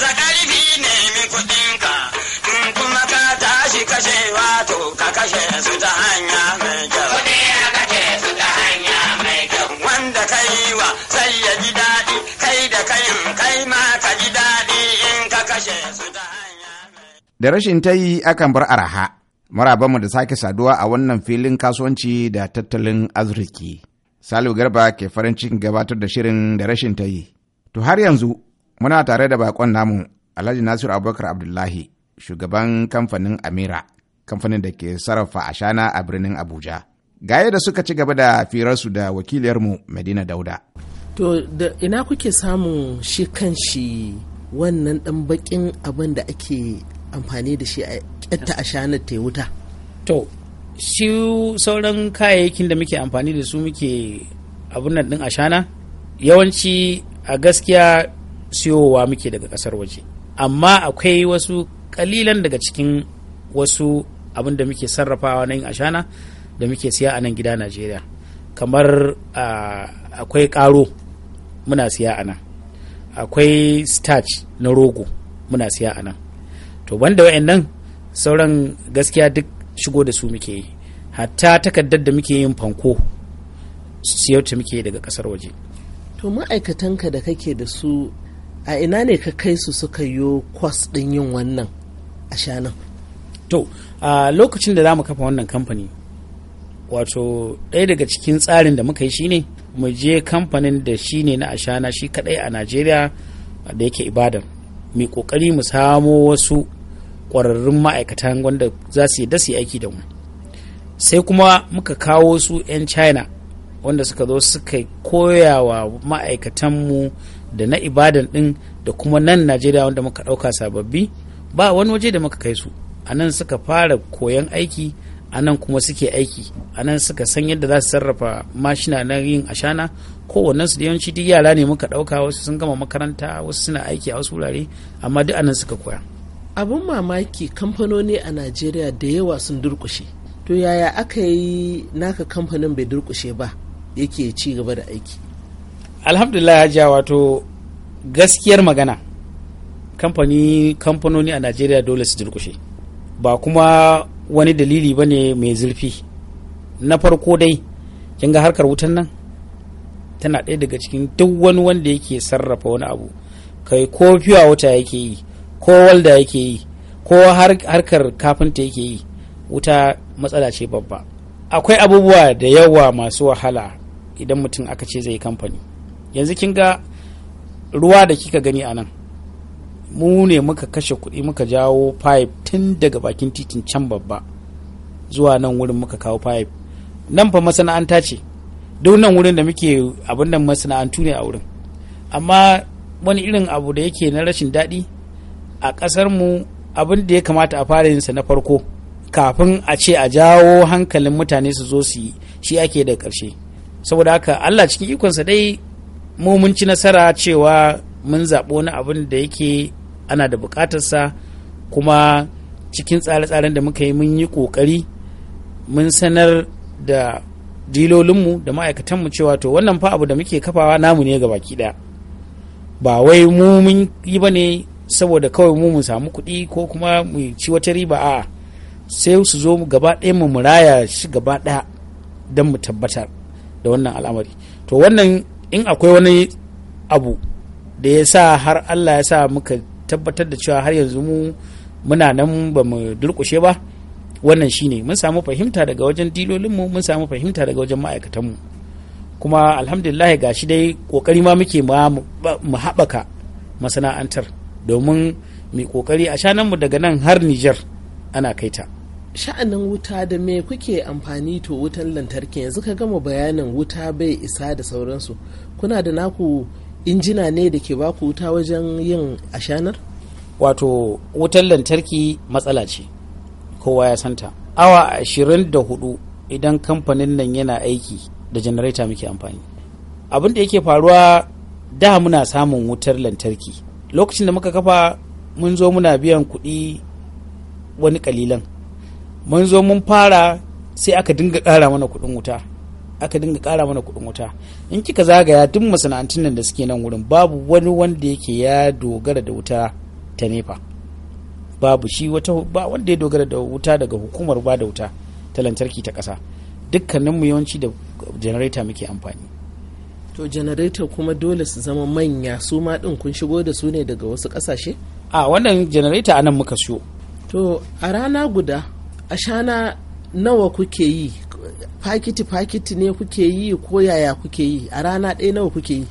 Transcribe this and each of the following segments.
Baza ƙarfi ne min kuɗinka, in kuma ka tashi kashe wato ka kashe su ta hanya mai kyau. Kuɗi ya kashe su ta hanya mai kyau. Wanda ka yi wa sai ya ji daɗi, kai da kayan kai ma ka ji daɗi in ka kashe su ta hanya mai kyau. Da rashin ta yi akan bar araha. Marabanmu da sake saduwa a wannan filin kasuwanci da tattalin arziki. Salu Garba ke farin cikin gabatar da shirin da rashin ta yi. To har yanzu Muna tare da bakon namu Alhaji Nasiru Abubakar Abdullahi, shugaban kamfanin Amira, kamfanin da ke sarrafa ashana a birnin Abuja. Gaye da suka ci gaba da firarsu da wakiliyarmu Madina Dauda. To, ina kuke samun shi kan shi wannan ɗan bakin abin da ake amfani da shi a ƙyatta ashana ta wuta? To, shi sauran kayayyakin da muke amfani da su muke abin nan ɗin ashana, yawanci a gaskiya siyowa muke daga kasar waje amma akwai wasu kalilan daga cikin wasu abin da muke sarrafawa na yin ashana da muke siya a nan gida najeriya kamar akwai karo muna siya a nan akwai starch na rogo muna siya a nan to banda wa'annan sauran gaskiya duk shigo da su muke yi hatta takardar da muke yin fanko siyauta muke daga kasar waje to ma'aikatanka da kake da su a ina ne ka kai su suka yi kwas ɗin yin wannan a shanan to a lokacin da za mu kafa wannan kamfani wato ɗaya daga cikin tsarin da muka yi shine mu je kamfanin da shine na ashana shi kadai a najeriya da yake ibadan mai kokari mu samo wasu kwararrun ma'aikatan wanda za su yi su aiki da mu sai kuma muka kawo su 'yan china wanda suka zo suka koya wa ma'aikatanmu da na ibadan din da kuma nan najeriya wanda muka ɗauka sababbi ba wani waje da muka kai su a nan suka fara koyan aiki a nan kuma suke aiki a nan suka san yadda za su sarrafa mashina na yin ashana kowannen su da yawanci duk yara ne muka ɗauka wasu sun gama makaranta wasu suna aiki a wasu wurare amma duk a nan suka koya abin mamaki kamfanoni a najeriya da yawa sun durkushe to yaya aka yi naka kamfanin bai durkushe ba yake ci gaba da aiki alhamdulillah hajiya wato gaskiyar magana kamfani kamfanoni a najeriya dole su durkushe ba kuma wani dalili ba ne mai zurfi na farko dai kin ga harkar wutan nan tana ɗaya daga cikin duk wani wanda yake sarrafa wani abu kai ko fiwa wuta yake yi ko walda yake yi ko harkar kafinta yake yi wuta matsala ce babba akwai abubuwa da yawa masu wahala idan mutum aka ce zai kamfani yanzu kin ga ruwa da kika gani a nan mu ne muka kashe kuɗi muka jawo pipe tun daga bakin titin can babba zuwa nan wurin muka kawo pipe nan fa masana'anta ce duk nan wurin da muke abin nan masana'antu ne a wurin amma wani irin abu da yake na rashin daɗi a ƙasar mu abin da ya kamata a fara yinsa na farko kafin a ce a jawo hankalin mutane su zo su yi shi ake da ƙarshe saboda haka allah cikin ikonsa dai mu mun ci nasara cewa mun zaɓo wani abin da yake ana da buƙatarsa kuma cikin tsare-tsaren da muka yi mun yi ƙoƙari mun sanar da dilolinmu da ma'aikatanmu cewa to wannan fa abu da muke kafawa namu ne baki ɗaya ba wai mu mun yi ba ne saboda kawai mu mun samu kuɗi ko kuma mu ci wata riba a'a sai su zo gaba ɗaya mu muraya shi gaba ɗaya don mu tabbatar da wannan al'amari to wannan in akwai wani abu da ya sa har allah ya sa muka tabbatar da cewa har yanzu mu muna nan ba mu durkushe ba wannan shine mun samu fahimta daga wajen dilolinmu mun samu fahimta daga wajen ma'aikatanmu kuma alhamdulillah ga shi dai ƙoƙari ma muke mu haɓaka masana'antar domin mai ƙoƙari a mu daga nan har Nijar ana kaita. ta sha'anin wuta da me kuke amfani to wutan lantarki yanzu ka gama bayanin wuta bai isa da sauransu kuna da naku injina ne da ke baku wuta wajen yin ashanar wato wutan lantarki matsala ce kowa ya santa awa ashirin da hudu idan kamfanin nan yana aiki da janareta muke amfani abin da yake faruwa da muna samun wutar lantarki lokacin da muka kafa mun zo muna biyan kuɗi wani kalilan mun zo mun fara sai aka dinga ƙara mana kuɗin wuta aka dinga kara mana kudin wuta in kika zagaya duk masana'antun nan da suke nan wurin babu wani wanda yake ya dogara da wuta ta nefa babu shi wata ba wanda ya dogara da wuta daga hukumar ba da wuta ta lantarki ta ƙasa dukkaninmu yawanci da janareta muke amfani to generator kuma dole su zama manya su ma din kun shigo da su ne daga wasu kasashe a wannan generator anan muka siyo to a rana guda A shana nawa kuke yi fakiti fakiti ne kuke yi ko yaya kuke yi a rana ɗaya nawa kuke yi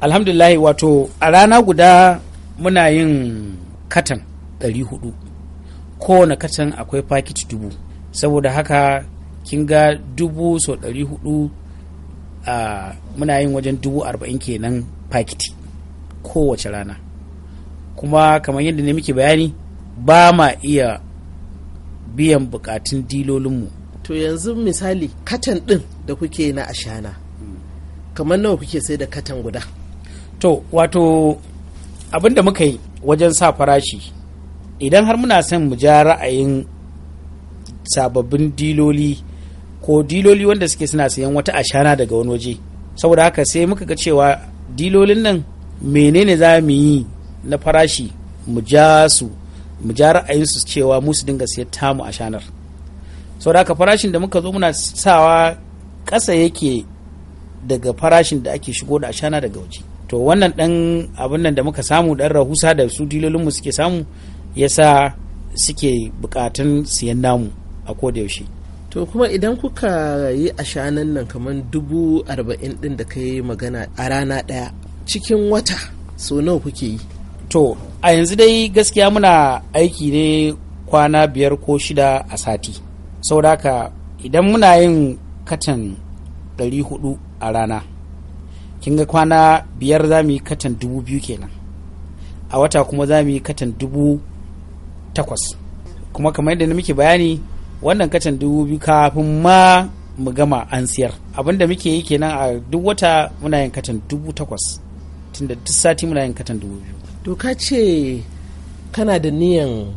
alhamdulahi wato a rana guda muna yin katan 400 kowane katan akwai fakiti dubu saboda haka kin ga dubu so 400 uh, muna yin wajen dubu arba'in kenan fakiti kowace rana kuma kamar yadda ne muke bayani ba ma iya biyan bukatun dilolinmu to yanzu misali katan ɗin da kuke na ashana kamar nawa kuke sai da katan guda to wato abin da muka yi wajen sa farashi idan har muna son mu ja ra'ayin sababbin diloli ko diloli wanda suke suna sayan wata ashana daga wani waje saboda haka sai muka ga cewa dilolin nan menene za mu yi na farashi mu ja su mu ja ra'ayinsu cewa mu su dinga sayar tamu a shanar sau da farashin da muka zo muna sawa ƙasa yake daga farashin da ake shigo da ashana daga waje to wannan ɗan abin nan da muka samu ɗan rahusa da su dilolinmu suke samu ya sa suke buƙatun siyan namu a yaushe. to kuma idan kuka yi ashanan nan kamar dubu arba'in ɗin da ka yi magana a rana ɗaya cikin wata so nawa kuke yi to a yanzu dai gaskiya muna aiki ne kwana biyar ko shida a sati saboda ka, idan muna yin katan hudu a rana kin ga kwana biyar za mu yi katan dubu biyu kenan a wata kuma za mu yi katan dubu takwas kuma kamar yadda na muke bayani wannan katan dubu biyu kafin ma mu gama an siyar abinda muke yi kenan a duk wata muna yin katan dubu takwas tunda duk sati muna yin katan dubu biyu to ka ce kana da niyan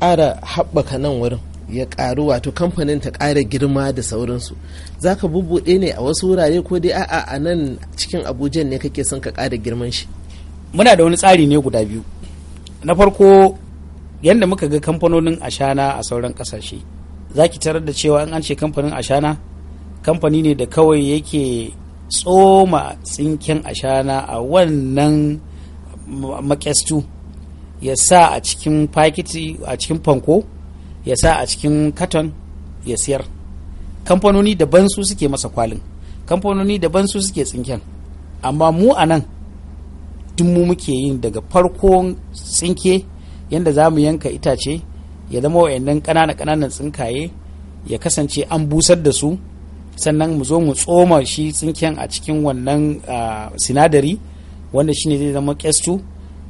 ƙara haɓaka nan wurin ya ƙaru wato kamfanin ta ƙara girma da sauransu za ka bubbuɗe ne a wasu wurare ko dai a'a a nan cikin abuja ne kake son ka ƙara girman shi muna da wani tsari ne guda biyu na farko yadda muka ga kamfanonin ashana a sauran ƙasashe za ki tarar da cewa in an ce kamfanin ashana kamfani ne da kawai yake tsoma tsinken ashana a wannan makestu ya sa a cikin fakiti a cikin fanko ya sa a cikin katon ya siyar kamfanoni daban su suke masa kwalin kamfanoni daban su suke tsinken amma mu a nan mu muke yin daga farko tsinke yadda za mu yanka itace ya zama wa'annan ƙananan ƙananan tsinkaye ya kasance an busar da su sannan mu zo mu tsoma shi tsinken a cikin wannan sinadari wanda shine zai zama kestu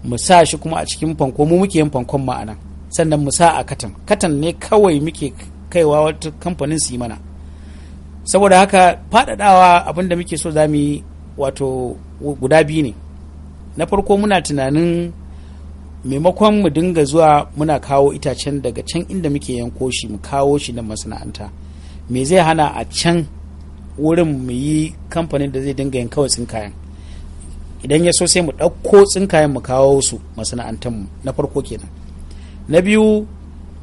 mu sa shi kuma a cikin fanko mu muke yin fankon ma'ana sannan mu sa a katan katan ne kawai muke kaiwa wata kamfanin su yi mana saboda haka faɗaɗawa abin da muke so za mu yi wato guda biyu ne na farko muna tunanin maimakon mu dinga zuwa muna kawo itacen daga can inda muke yanko shi mu kawo shi nan masana'anta me zai hana a can wurin mu yi kamfanin da zai dinga yin kawai tsinkayen idan ya so sai mu ɗauko tsinkayen mu kawo su masana'antarmu na farko kenan na biyu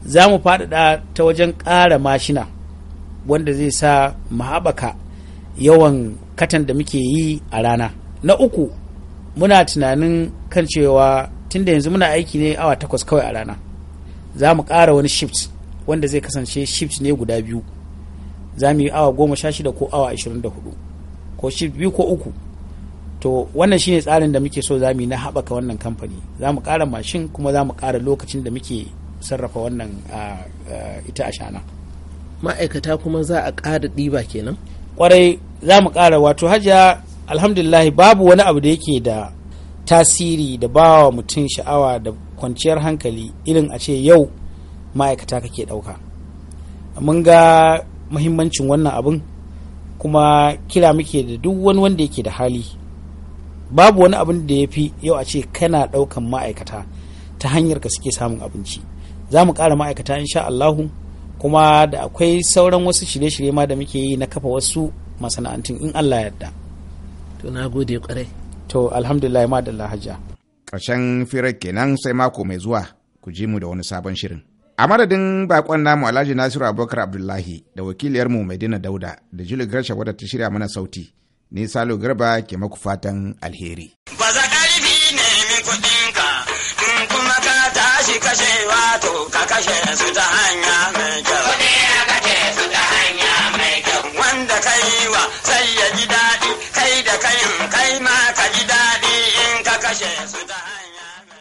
za mu faɗaɗa ta wajen ƙara mashina wanda zai sa mu haɓaka yawan katan da muke yi a rana na uku muna tunanin kan cewa tunda yanzu muna aiki ne awa takwas kawai a rana za mu ƙara wani shift wanda zai kasance shift ne guda biyu za mu yi awa goma sha shida ko awa ashirin da hudu ko shi biyu ko uku to wannan shine tsarin da muke so za mu yi na haɓaka wannan kamfani za mu ƙara mashin kuma za mu ƙara lokacin da muke sarrafa wannan ita ashana ma'aikata kuma za a ƙara ɗiba kenan kwarai za mu ƙara wato hajiya alhamdulillah babu wani abu da yake da tasiri da ba wa mutum sha'awa da kwanciyar hankali irin a ce yau ma'aikata kake ɗauka mun ga muhimmancin wannan abin kuma kira muke da duk wani wanda yake da hali babu wani abin da ya fi yau a ce kana ɗaukan ma'aikata ta hanyar ka suke samun abinci za mu ƙara ma'aikata insha Allahu kuma da akwai sauran wasu shirye-shirye ma da muke yi na kafa wasu masana'antun in Allah yarda. To na gode kwarai. To alhamdulillah ma da hajja. Ƙarshen firar kenan sai mako mai zuwa ku ji mu da wani sabon shirin. a madadin bakon namu alhaji nasiru abubakar abdullahi da wakiliyarmu maidina dauda da juli gresham wadda ta shirya mana sauti ni salo garba ke maku fatan alheri baza karfi nemi kuɗinka in kuma ka tashi kashe wato ka kashe su ta hanya mai kyau su ta hanya mai kyau wanda ka yi wa sai ya ji daɗi kai da kayin kai ma ka ji daɗi in ka kashe su ta